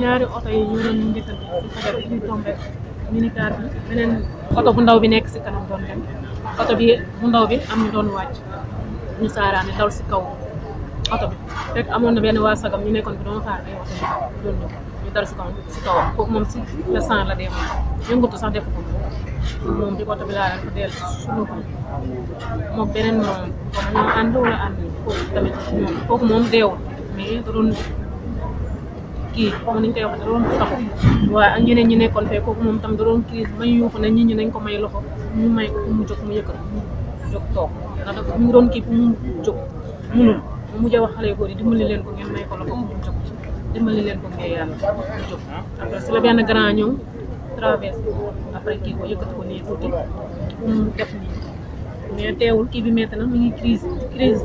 ñaari oto yi ñoo doon njëkkante bu ndaw bi nekk si kanam doon bi bu ndaw bi am ñu doon wàcc ñu saaraane dal si kaw oto bi amoon na benn waa sagam ñu nekkoon bi doon xaar ay oto bi doon ñëw si moom si le sang la dee moom ko ko moom beneen moom ñoo ànd wala doon kii comme niñ koy wax da doon taxaw waaye ak ñeneen ñi nekkoon fee kooku moom tam da doon crise may yuuxu na nit ñi nañ ko may loxo ñu may ko mu jóg mu yëkkat mu jóg toog mu doon kii mu jóg munul mu mujj a wax xale góor yi leen ko ngeen may ko loxo mu jóg dimbali leen ko ngeen yàlla mu jóg après si la benn grand ñëw traversé après kii ko yëkkati ko nii tuuti mu def mais teewul kii bi métti na mu ngi crise crise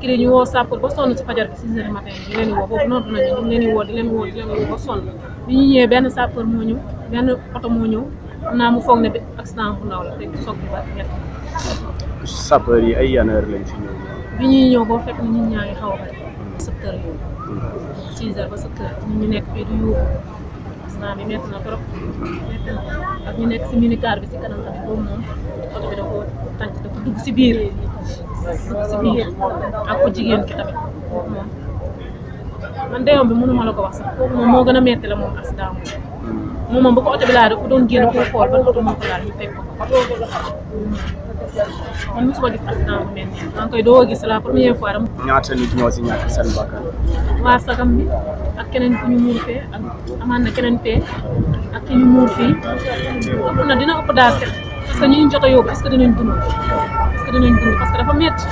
kii la ñu woo sàppal ba sonn si fajar bi six heures matin di leen woo boobu noonu nañu ñu leen di woo di leen woo di leen woo ba sonn bi ñu ñëwee benn sàppal moo ñëw benn oto moo ñëw xam naa mu foog ne bi accident bu ndaw la te soog bu bari ñett sapeur yi ay yan heure lañ fi ñëw. bi ñuy ñëw boo fekk na ñun ñaa ngi xaw a bari. sept heures yooyu. six heures ba sept heures ñu nekk fii du yóbbu. accident bi métti na trop. métti na ak ñu nekk si minicar bi si kanam tamit boobu moom oto bi da koo tànc dafa dugg si biir. si biir ak ku jigéen ki tamit man dayoom bi mënuma la ko wax sax moom moo gën a metti la moom accident moom moom moom ba ko oto bi laal dafa doon génn pour xool ban oto moo ko laal ñu fekk ko man mosuma gis koy doo gis la première fois dama. ñaata nit ñoo si ñàkk seen bakkan. waa sagam bi ak keneen ku ñu muur fee amaan na keneen fee ak ki ñu muur fii dina ëpp daal set. est-ce que ñuy jot a yóbbu est-ce que dinañ dund est-ce que dinañ dund parce que dafa métti